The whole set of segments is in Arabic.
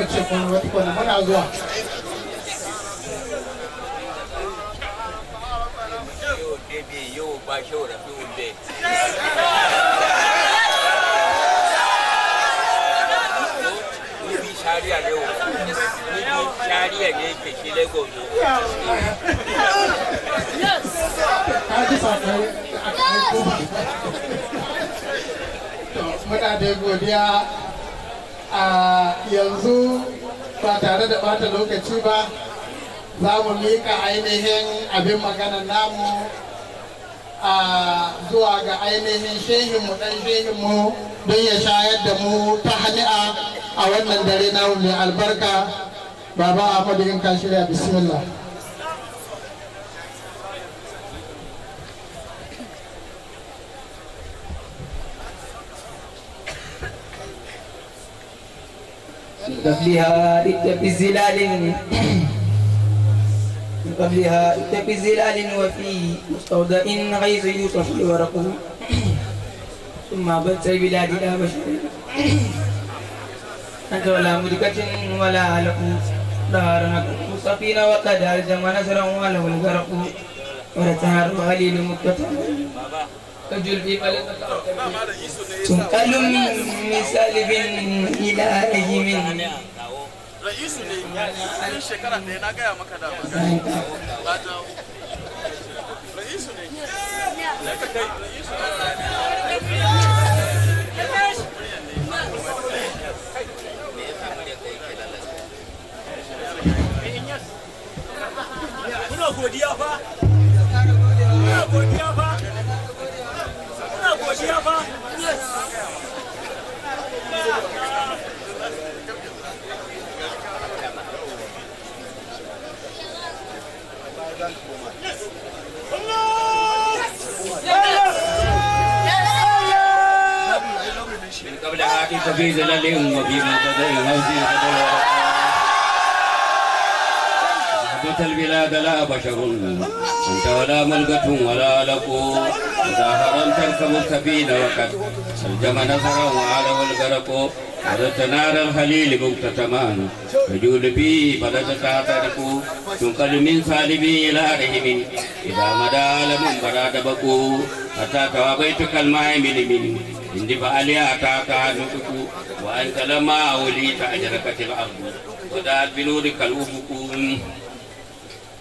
ka ce kuma wata kwana muna zuwa yau ba shi wa rafi wunde shari'a ne wa shari'a ne ke shi a yanzu ba tare da bata lokaci ba za mu mika ainihin abin magana namu a zuwa ga ainihin shehinmu ɗan shehinmu don ya shayar da mu ta hani'a a wannan dare namu mai albarka baba ahmadu in ka shirya bismillah قبلها ائت بزلال من قبلها ائت بزلال وفي مستودع غيث يوسف الورق ثم بلت بلادي لا بشر أنت ولا ملكة ولا علق دهر مصطفين وقد ألزم نسره وله الغرق ورتهر خليل مكة كجلب تنقل من سالب ne, shekara na maka da ba ne, ne godiya fa? godiya fa? بذاتك في زلل وفي منتدى الهوس تدور أحبت البلاد لا بشر أنت ولا ملكة ولا لقو مظاهرا تركب السبيل وقد ألجم نصرا وعلو الغرق حدث نار الخليل مقتتمان رجول بي بلد تعترق تنقل من صالبي إلى رحم إذا مدى لمن براد بكو حتى توابيت كالماء من من إن فعلي أتاك نطق وأنت لما وليت أجركت الأرض وذات بنورك الأفق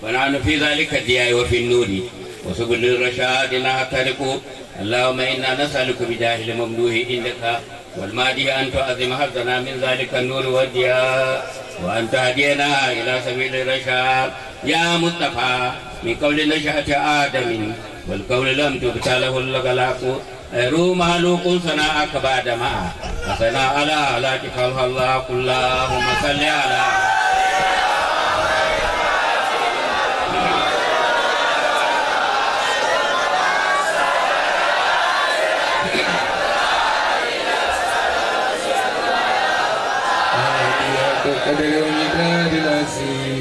ونحن في ذلك الضياء وفي النور وسبل الرشاد نعترق اللهم إنا نسألك بجاه الممدوح عندك والمادي أن تعظم حظنا من ذلك النور والضياء وأن تهدينا إلى سبيل الرشاد يا مصطفى من قول نشأة آدم والقول لم تبتله الغلاق روما لوكن سنا أكبا جماعة وسنا على على كفالها الله اللهم صل على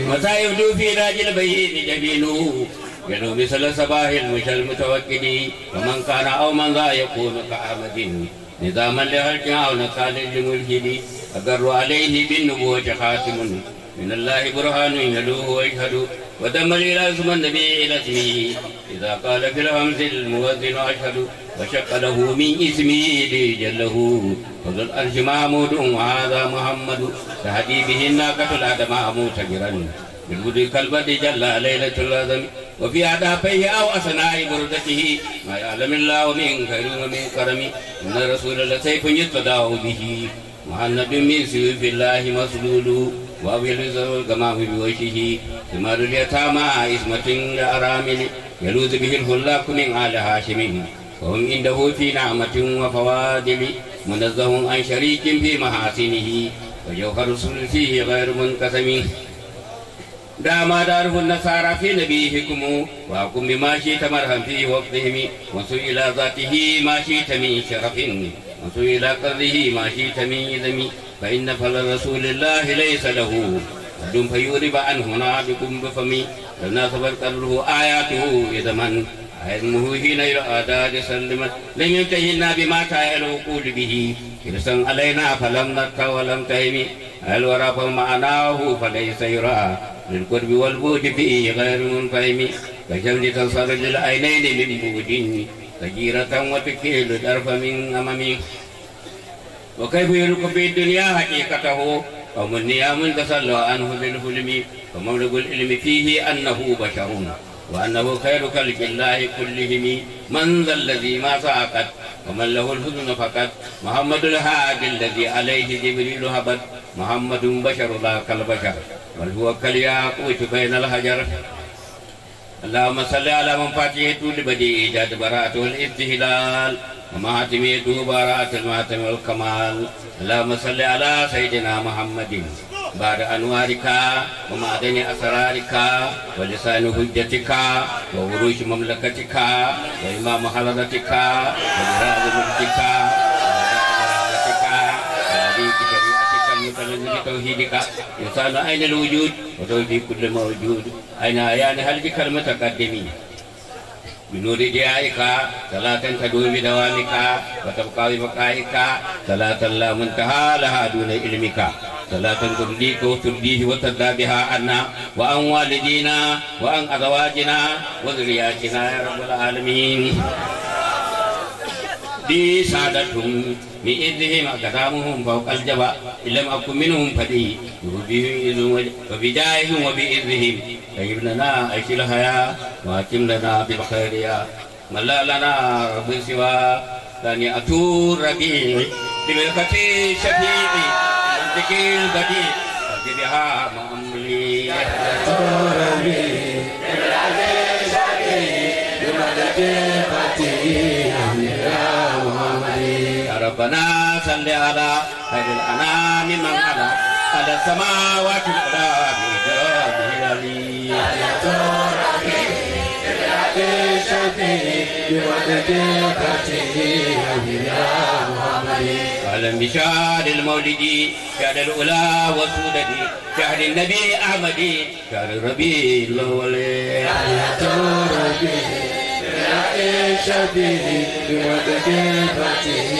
وسيبدو في راجل بيت جبينه يدعو بسل صباح مش المتوكد ومن كان أو من ذا يكون كأحمد نظاما لهلك أو نقال لملحد أقر عليه بالنبوة خاتم من الله برهان يلوه ويشهد ودم الإله اسم النبي إلى اسمه إذا قال في الهمز المؤذن أشهد وشق له من اسمه لجله وذو الأرش محمود وهذا محمد تهدي به الناقة الأدماء موتجرا بالبدء كالبدء جل ليلة الأدم وفي عذابه أو أثناء بردته ما يعلم الله من خير ومن كرم إن رسول الله سيف يتداو به مع النبي من سيف الله مسلول وأبيل الزرور كما في بوشه ثمار اليتامى إسمة الأرامل يلوذ به الخلاق من آل هاشم وهم عنده في نعمة وفوادل منزه عن شريك في محاسنه وجوهر فيه غير منقسم داما داره النصارى في نبيهكم وأقم بما شئت مرهم في وقتهم وانصر إلى ذاته ما شئت من شرف وانصر إلى قدره ما شئت من إذم فإن فل رسول الله ليس له دم فيورب عنه نابكم بفمي لنا صبر قدره آياته يدمن علمه حين الأعداد سلم لم يمتهنا بما تائل وقول به كرسا علينا فلم نرك ولم تهم الورى فمعناه فليس يرى للقرب والبود فيه غير منفهم كشمس تنصرف للعينين من بعده كجيرة وتكيل طرف من أمامه وكيف يلقى في الدنيا حقيقته قوم النيام تسلوا عنه بالحلم ومبلغ العلم فيه أنه بشر وأنه خير خلق الله كلهم من ذا الذي ما ساقت ومن له الحزن فقط محمد الهادي الذي عليه جبريل هبت محمد بشر لا كالبشر Walhuakali aku itu bayinal hajar Allahumma salli ala mumpati itu libadi ijad baratul ibtihilal Mahatim itu baratul mahatim al-kamal Allahumma salli ala Sayyidina Muhammadin Bada anwarika wa ma'adani asrarika wa lisanu hujjatika wa urush mamlakatika wa imam halalatika wa jirazu mujtika فلنك توحيدك يسأل أين الوجود وتوجد كل موجود أين أيان هل بك المتقدمين بنور ضيائك صلاة تدوم بدوامك وتبقى ببقائك صلاة لا منتهى لها دون علمك صلاة ترضيك وترضيه وترضى بها عنا وعن والدينا وعن أزواجنا وذرياتنا يا رب العالمين بسادتهم بإذهم أقدامهم فوق الجبا إن لم أكن منهم فدي وبجاههم وبإذهم فهب لنا عيش الحياة وأتم لنا بالخير يا من لا لنا رب سوى لن يأتوا الربيع بملكة شفيع منطق البديع فبها مأمري يأتوا الربيع بملكة شفيع بملكة Rabbana salli ala hadil anami man ala ala samawati ala hidali ayatul Alam bishar al maulidi, shar al ula wa sudadi, shar al nabi ahmadi, shar al rabi lawale. Ayatul rabi, شفيعي بمتكافته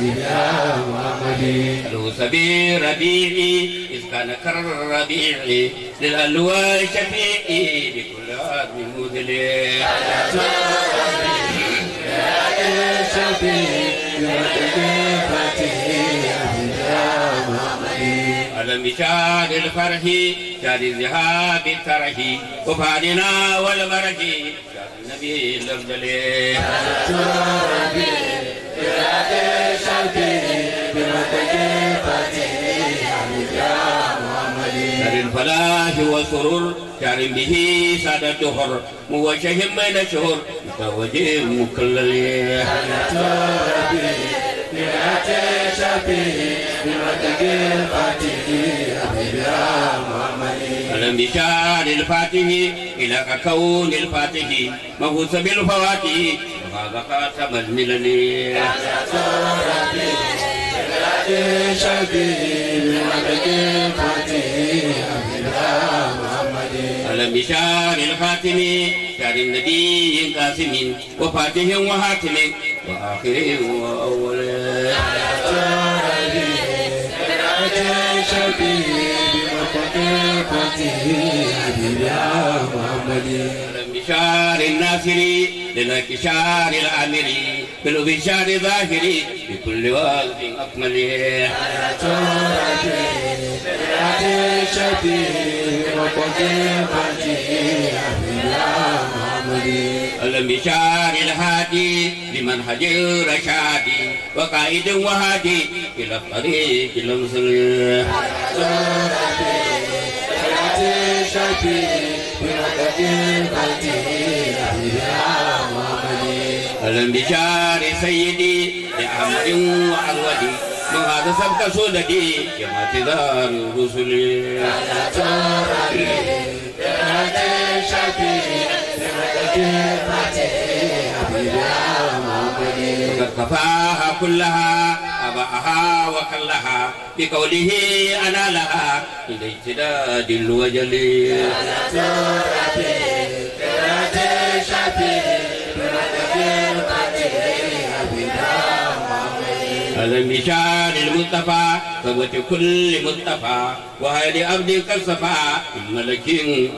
بلا وعملي لو سبي ربيعي إذ كان كالربيع للألوى شفيعي بكل عظم مذلي على شفيعي بمتكافته بلا وعملي على مشاد الفرح شاد الذهاب الترهي وفعلنا والمرجي النبي الأفضل تربي براد كريم به سادة الدهر موجه من الشهور متوجه مكلل تربي براد شرقي بمتكفتي حمد يا محمد بشار الفاتح إلى كون الفاتح مغوص بالفواتح وهذا خاتم الملل شبيب الفاتح الخاتم شار النبي القاسم وفاتح وحاتم وآخر وأول على شبيب الفاتح يا محمد بشار الناصري للكشار العامري بالبشار ظاهري بكل وقت أكمله المشار الهادي لمنهج الرشاد وقائد وهادي إلى الطريق المصري شفيع بركة الفتح سيدي لأحمد وأروده من هذا سبك سودتي كما تدار رسلي على ترابي بركة الشفيع بركة الفتح أحيا فقفاها كلها أبعها وكلها بقوله أنا لها إلي اجتداد الوجل يا نسورتي كراتي شفي ألم بشار المصطفى ثبت كل مصطفى وهل عبدك الصفا من ملك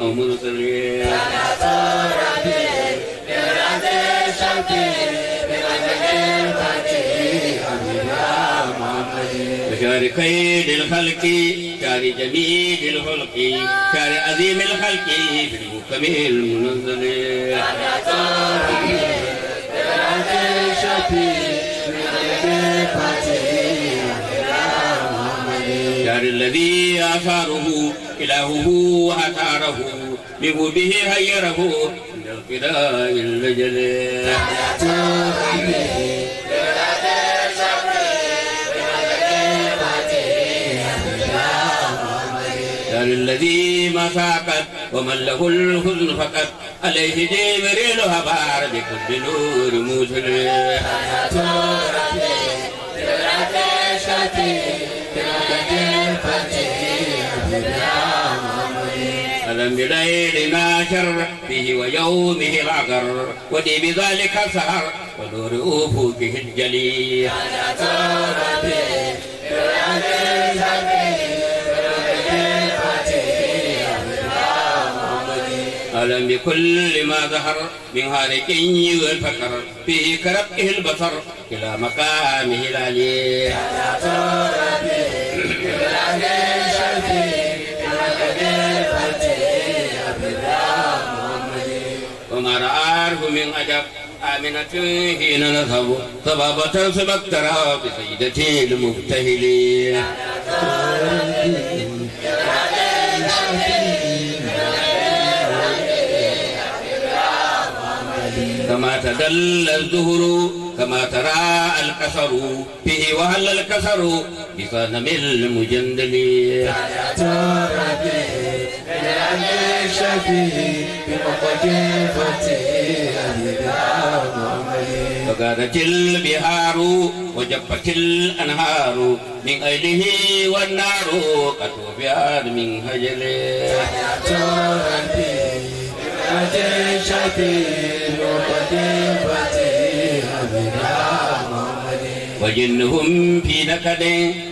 أو مرسل يا نصرتي كار خير الخلق كار جميل الخلق كار عظيم الخلق في المنزل كار الذي آثاره إلهه وأثاره بوجوده حيره من القراء الرجل الذي ما فاقت ومن له الحزن فقط عليه جبريل هبار بكل نور موسل ألم بليل ما شر به ويومه العقر ودي بذلك السهر ونور أفوكه الجليل على تربي ولم بكل ما ظهر من هارك والفكر في كربه البصر إلى مقامه العلي وما رآه من أجب آمنة حين نذهب طبابة سبقت بسيدتي المبتهلين كما تدل الزهر كما ترى الكسر فيه وهل الكسر بصنم المجندل يا ترى بالعلم الشفيه بمقد فتيه فقالت البحار وجفت الانهار من اجله والنار قد وفيت من هجله يا Shate Shate Nupate Fate Abhidha Mamade وجنهم في نكد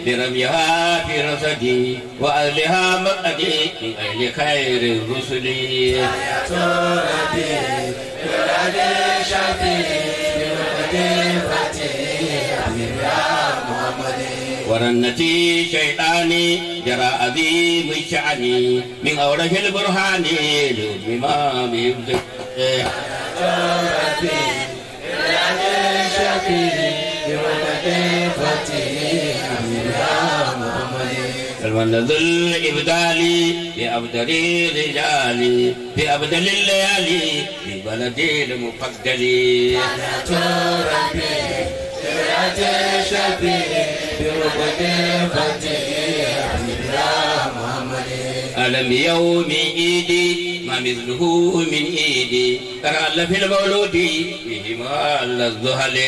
برميها في رصدي وأهلها مقدي من أهل خير الرسل يا تربي يا شاتي يا ورنتي شيطاني جرى عظيم شعني من أوله البرهان للإمام يبدو المنذ الإبدال بأبدل الرجال بأبدل الليالي ببلدي المقدل أنا تربي شفيعتي شفيعي بربك الفتيح يا محمد ألم يوم إيدي ما مثله من إيدي تغلى في المولود بهما الزهل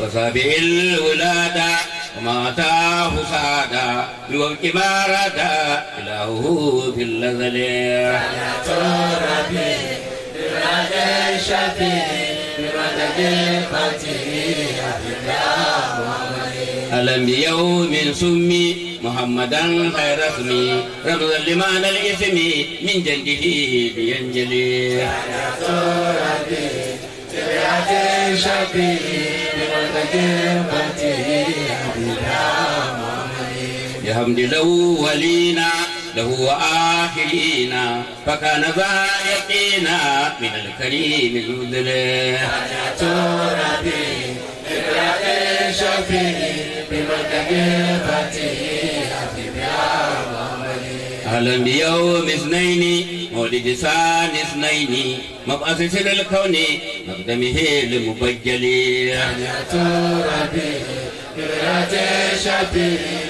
وصابئ الولادة وماتاه سعدا بوجه ما ردا إلهه في الأزل صلاة ربي برد شفيع بمدد فتيه ألم بيوم سمي محمدا خير اسمي رمزا لمعنى الاسم من جنده بينجلي صلاة ربي برد شفيع بمدد بحمد الأولين له وآخرين فكان ذا يقينا من الكريم المدلل حاجة ربي إبراء الشفيع بملكة الفتيح أهلا بيوم اثنين مولد سان اثنين مبعث سر الكون مقدمه المبجل حاجة ربي إبراء الشفيع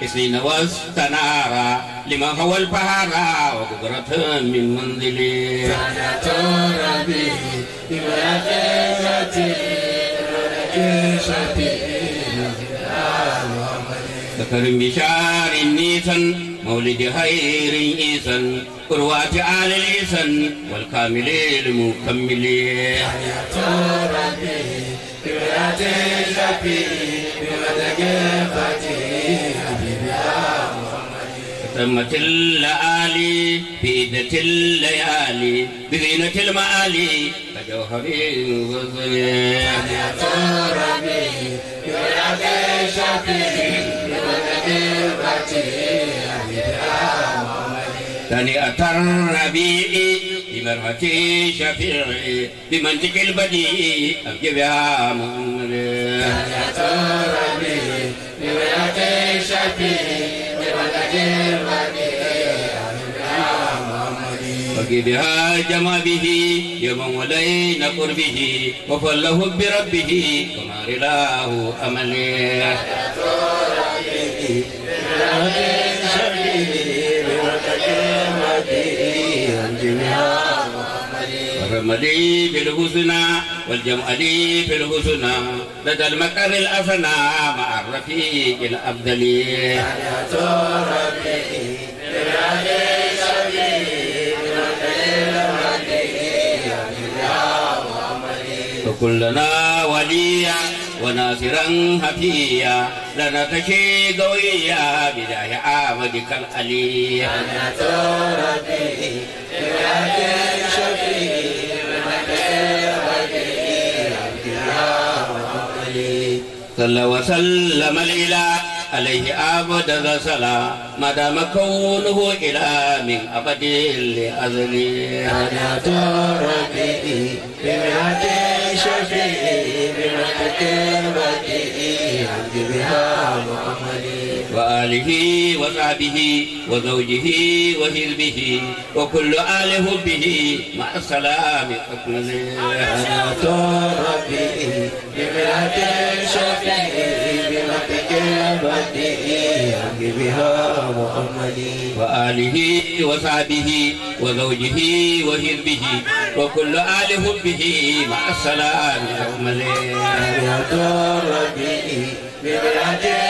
حسين تنارا لما هو البهارا وقدرة من منزلي سنة ربي بملكيتي بملكيتي ذكر بشار النيسان مولد خير إيسا قروات آل إيسا والكامل المكمل حياة ربي بمدى شبي بمدى جفتي أتمت اللآلي بإدة الليالي بزينة المآلي كجوهري وزني يا ربي يا شفيعي ثانية الربيع بمرهتي شفيعي بمنطق البديع أبجي بها مؤمري ثانية الربيع بمرهتي شفيعي بمنطق البديع بها جمع به يوم ولين قربه وفله بربه كما رلاه أمله والرملي بالحسنى والجمالي بالحسنى لدى المكر الأفنى مع الرفيق الأبدلي يا ربي كلنا وليا وناصرا حفيا لنا تشي قويا بداية عامدك الأليا أنا تربي شفي صلى وسلم الإله عليه أبدا صلاة ما دام كونه إلى من أبد لأزلي أنا ربي بمعك شفيعي بمعك بديعي عبد بها محمدي وآله وصحبه وزوجه وحزبه وكل آل به مع السلام أكمل ربي بمرة شفيعي بربك بديعي بها محمدي وآله وصحبه وزوجه وحزبه وكل آل به مع السلام أكمل ربي بمرة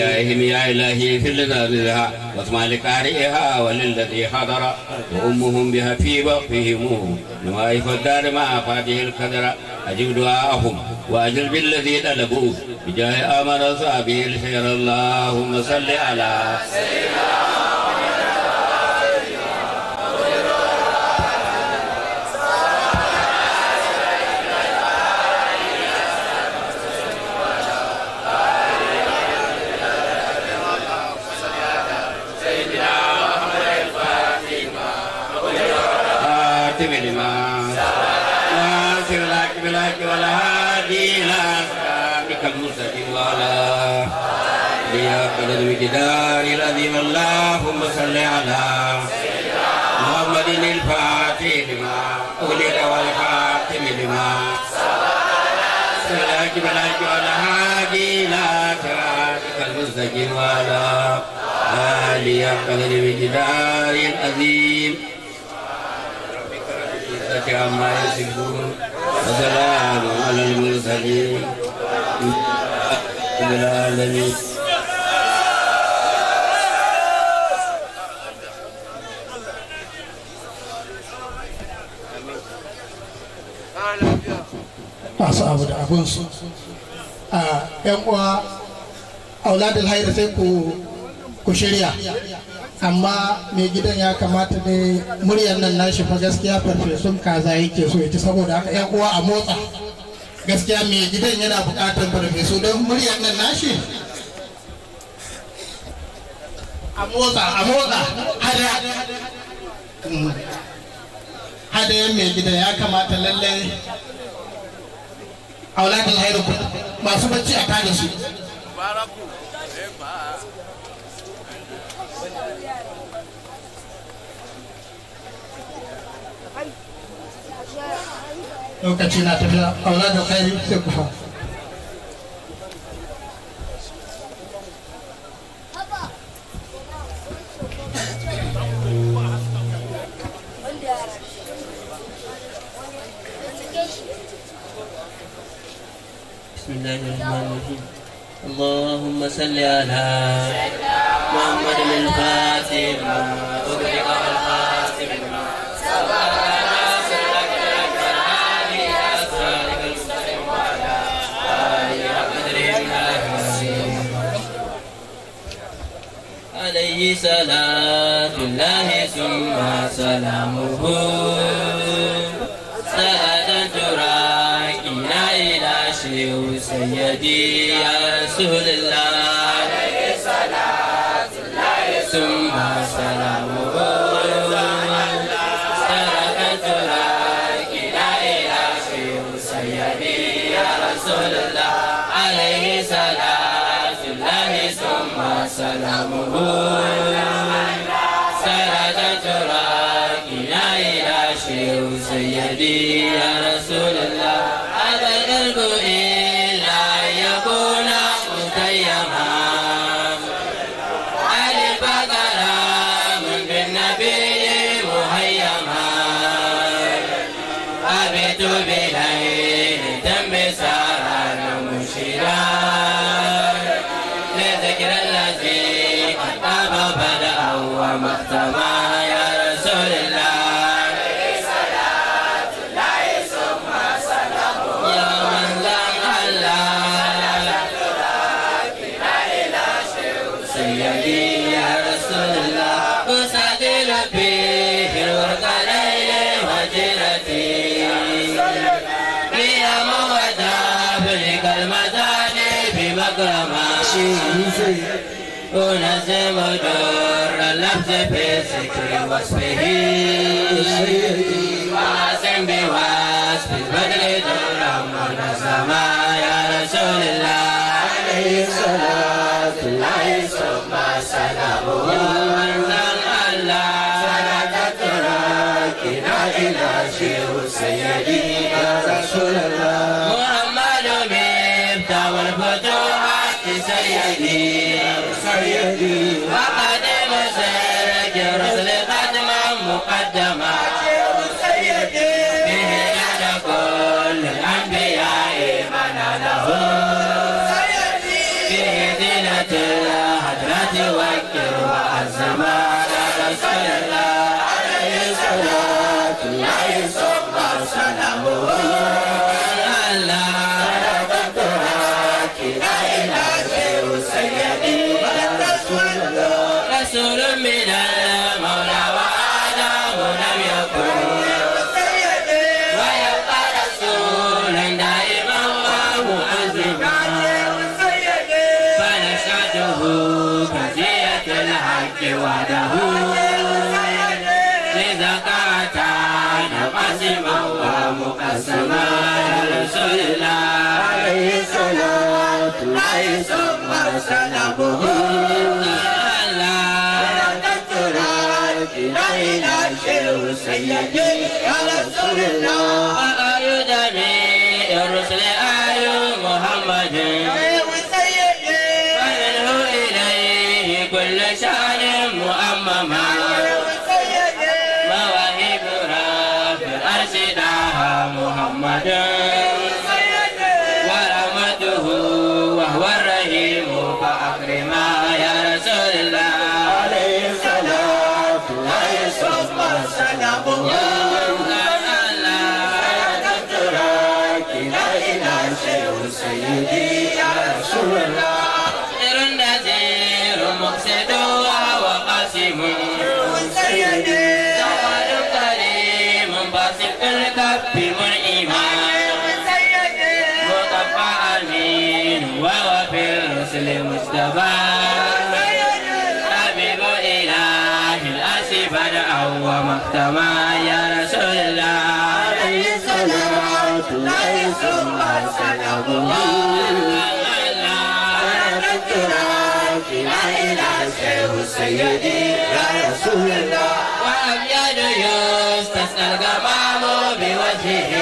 بجاههم يا إلهي في لنا بها واطمع لقارئها وللذي حضر وأمهم بها في بقهم نوائف الدار مع فاته القدر أجب دعاءهم وأجل بالذي تلبوه بجاه آمن صابه الخير اللهم صل على سيدنا الجدار الأذيم اللهم صل على محمد الفاتح لما أغلق والخاتم لما صلى على سيدنا محمد لا تراك المستقيم ولا آلي قدر بجدار العظيم ربك عما يصفون وسلام على المرسلين العالمين abunsu a ah, yan uwa auladul hayar sai ku ku shirya amma mai gidan ya kamata ne muryar nan nashi fa gaskiya farfesun kaza yake so ita saboda haka yan uwa a motsa gaskiya mai gidan yana bukatar farfesu don muryar nan nashi a motsa a motsa hada hada mai gidan ya kamata lallai auladin hairukum masu bacci a kada su eh, lokaci na tafiya auladin hairukum sai kufa Salam. بذكر وصفه سيدي واسم بوصف البدر ترمنا سما يا رسول الله عليه الصلاة الله ثم سلامه من الله إلى شيخ سيدي يا رسول الله محمد مبتع والفتوحات سيدي سيدي Alabama. I yeah, yeah, yeah, yeah, yeah, سيدي يا رسول الله وأبيض يستسقى الغمام بوجهه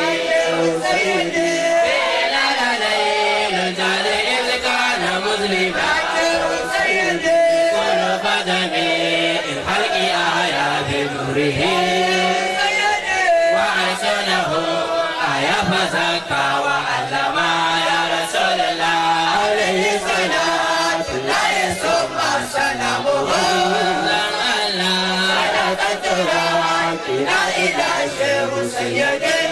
سيدي لا لا ليل جعل إذ كان مظلما سيدي كل قدمي الحلق آيات نوره إله سيدي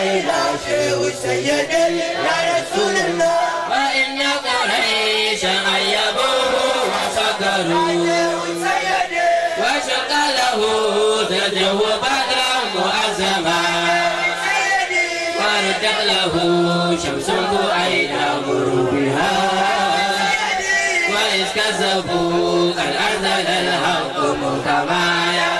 علي العاشي والسيد يا رسول الله وإن قريش غيبوه وصدروه وشق له ضده بدرا مؤزما وردت له شمس بعيد غروبها وإذ كذبوا الأرض للحق مكما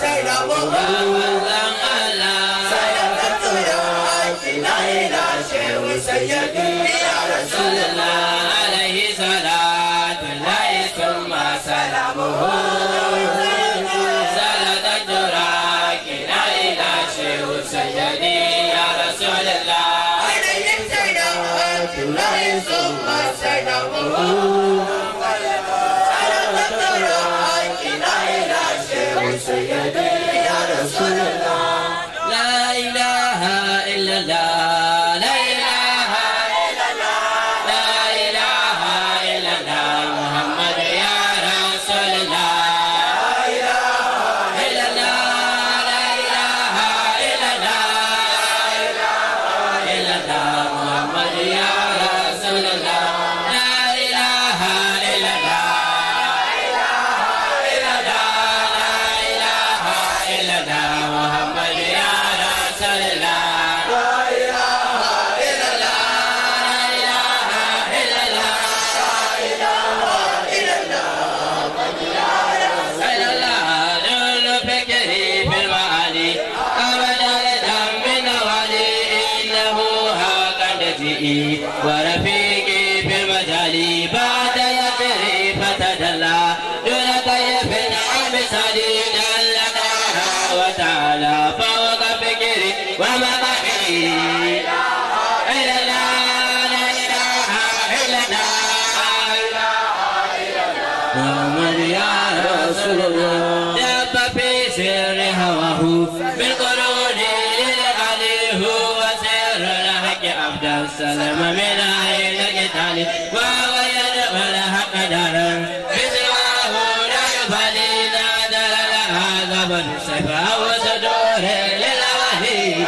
sai da gobe manzan Allah sai da وحده السلام من عين القتال وغير ولا حق دارا بسواه لا يبالي نادر لها غبن سيفه وصدوره للوهيم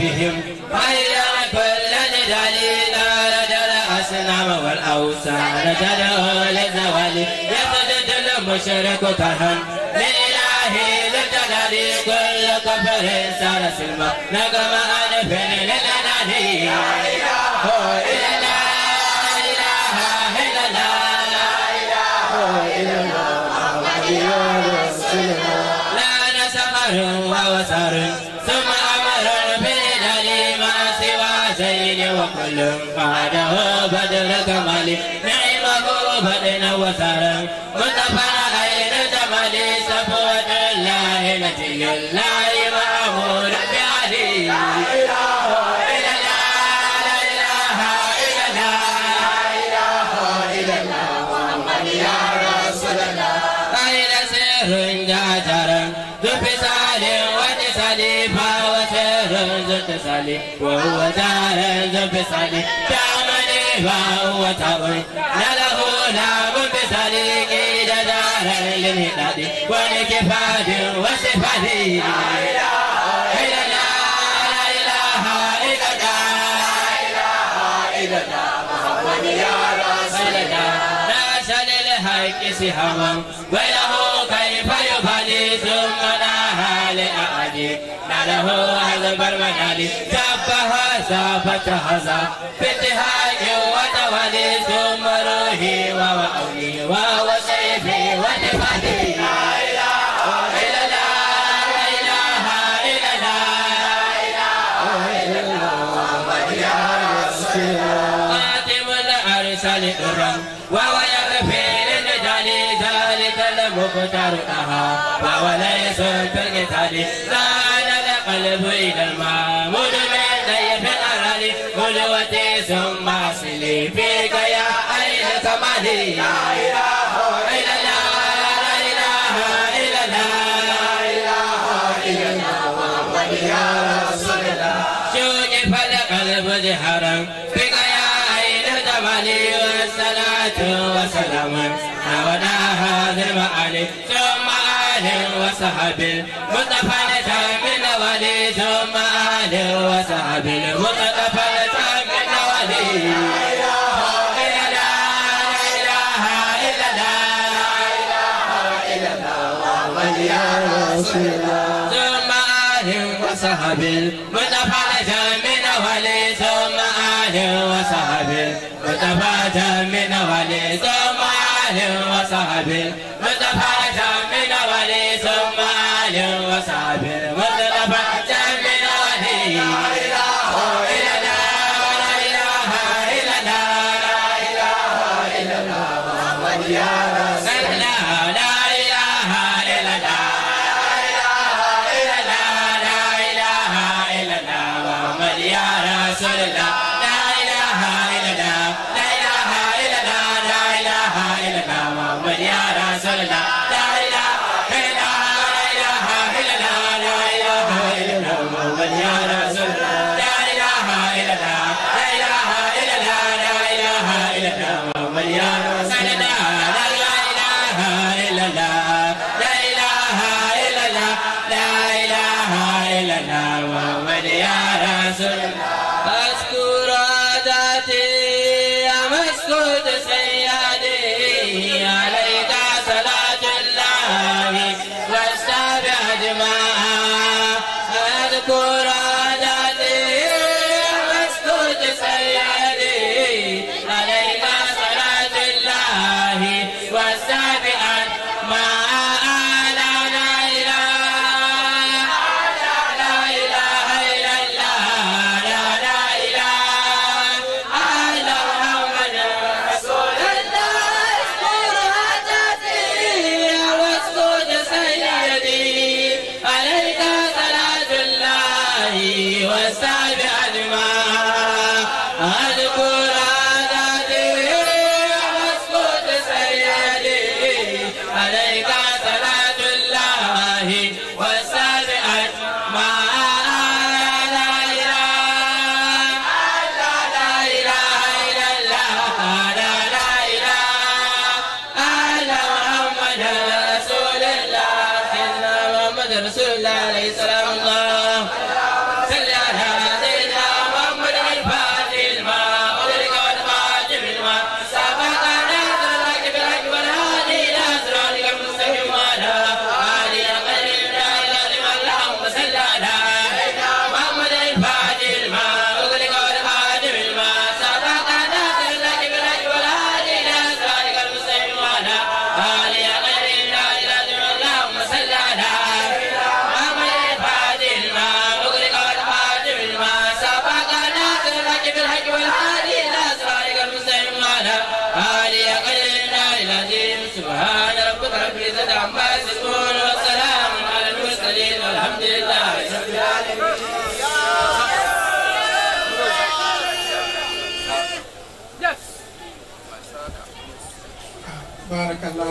فيهم المشرق ترهن لإلهي للجلال كل كفر سال سلمى نقم أنف للأناني لا إله إلا ثم أمر بالدليل ما سوى زين وكل بعده بدر كمال نعمه بدن وسر متفرد مدي لا إله ربي علي لا إله إلا لا إله إلا لا إله إلا الله محمد يا رسول الله غير سر جاجر بفصال وتصالي فوسر زتصالي وهو دار بفصالي تعمل فهو تعمل لا له لا بفصالي دار المداد والكفاد وصفاتي لا اله الا الله لا اله الا الله لا اله الا الله محمد يا رسول الله نزل الحق سهما وله كيف يبالي ثم لها لأعجي ناله هذا البرمجالي سبها سابتها فتها يوتولي ثم روحي ووأولي ووسلي تركها فوليس في لا انا القلب إلى المال وصحب المصطفى لسام الولي ثم آل وصحب المصطفى لسام الولي يا رسول الله ثم آل وصحب المصطفى لسام الولي ثم آل وصحب المصطفى لسام الولي ثم آل وصحب Mariana.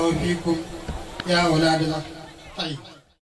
وفيكم يا أولاد الأخ